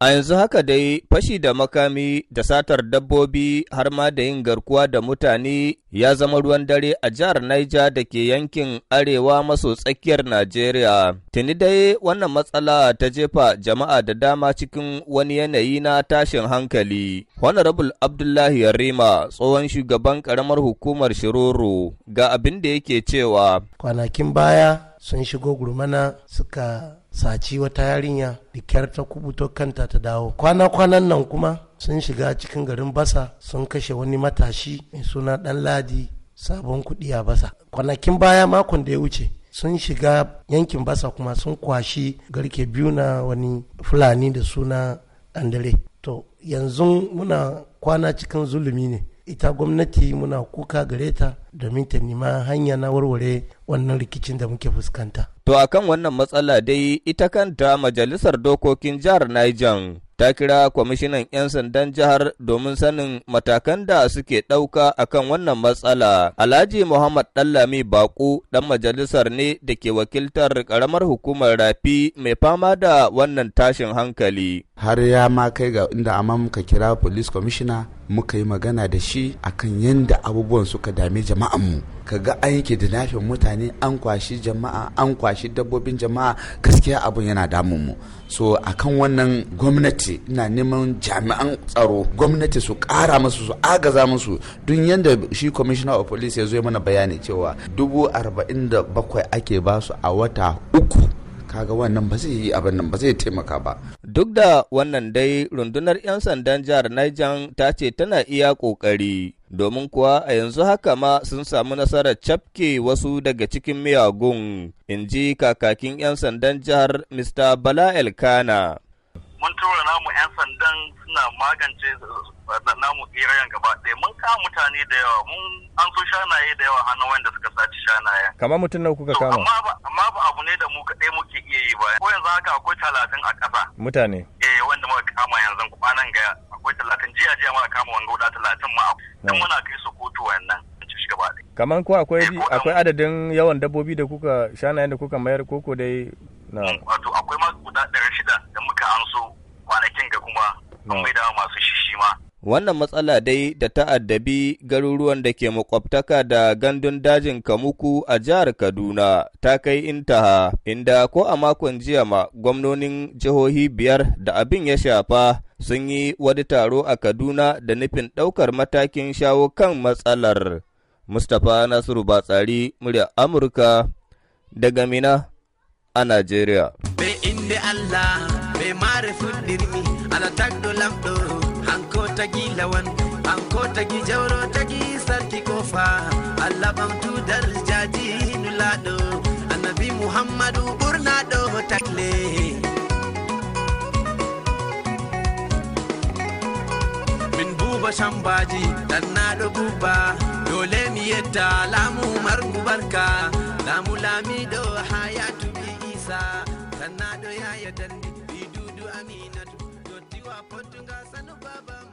A yanzu haka dai fashi da makami da satar dabbobi har ma da yin garkuwa da mutane ya zama ruwan dare a jihar Niger da ke yankin arewa maso tsakiyar Najeriya. Tuni dai wannan matsala ta jefa jama'a da dama cikin wani yanayi na tashin hankali. Honorable Abdullahi Yarima tsohon shugaban karamar hukumar Shiroro ga abin da yake cewa. Kwanakin baya sun shigo gurmana suka saci wata yarinya da kyar ta kubuto kanta ta dawo kwana-kwanan nan kuma sun shiga cikin garin basa sun kashe wani matashi mai suna dan ladi sabon kuɗi a basa kwanakin baya makon da ya wuce sun shiga yankin basa kuma sun kwashi garke biyu na wani fulani da suna andare to yanzu muna kwana cikin zulumi ne ita gwamnati muna kuka gare ta domin ta nima hanya na warware wannan rikicin da muke fuskanta. To a kan wannan matsala dai ita kanta majalisar dokokin jihar Niger ta kira kwamishinan 'yan sandan jihar domin sanin matakan da suke ɗauka kan wannan matsala. Alhaji Muhammad Ɗallami Baku ɗan majalisar ne da ke wakiltar ƙaramar hukumar rafi mai fama da wannan tashin hankali. har ya ma kai ga inda amma muka kira police commissioner muka yi magana da shi akan yadda abubuwan suka dame jama'anmu ka ga aiki da nafin mutane an kwashi jama'a an kwashi dabbobin jama'a gaskiya abun yana damun mu so akan wannan gwamnati ina neman jami'an tsaro gwamnati su kara musu su agaza musu don yadda shi commissioner of police ya zo mana bayani cewa dubu arba'in da bakwai ake basu a wata uku kaga wannan ba zai yi abin nan ba zai taimaka ba Duk da wannan dai rundunar 'yan sandan jihar Niger ta ce tana iya ƙoƙari, domin kuwa a yanzu haka ma sun samu nasarar cafke wasu daga cikin miyagun, in ji kakakin 'yan sandan jihar Mr. Bala Elkana. Mun tura namu 'yan sandan suna magance namu irayen gaba ɗaya mun kama mutane da yawa mun an so shanaye da yawa hannun wanda suka sace shanaye. Kamar mutum nawa kuka kama? akwai talatin a ƙasa. Mutane. Eh wanda muka kama yanzu kwanan ga akwai talatin jiya jiya muka kama wanga guda talatin ma. akwai. Dan muna kai su kotu wannan. Kaman ko akwai eh, akwai adadin yawan dabbobi da kuka shanayen da kuka mayar koko dai na. Wato akwai masu guda ɗari shida da muka an so kwanakin ga kuma. Mun maida masu shishi ma. Wannan matsala dai da ta'addabi garuruwan da ke makwabtaka da gandun dajin Kamuku a jihar Kaduna ta kai intaha, inda ko a makon jiya ma gwamnonin jihohi biyar da abin ya shafa sun yi wani taro a Kaduna da nufin ɗaukar matakin shawo kan matsalar. Mustapha Nasiru Batsari, murya Amurka, daga Mina a Najeriya. Allah, tagi lawan anko tagi jawro tagi sarki kofa allah ɓamtu darjaji nulado. annabi muhammadu ɓurnaɗo takle min buba shambaji ɗannaɗo buba dole mi yetta lamu margu barka lamu lamiɗo ha yatubi isa ɗannaɗo yaya dandi ɗi dudu aminatu dottiwa pottuga sanu baba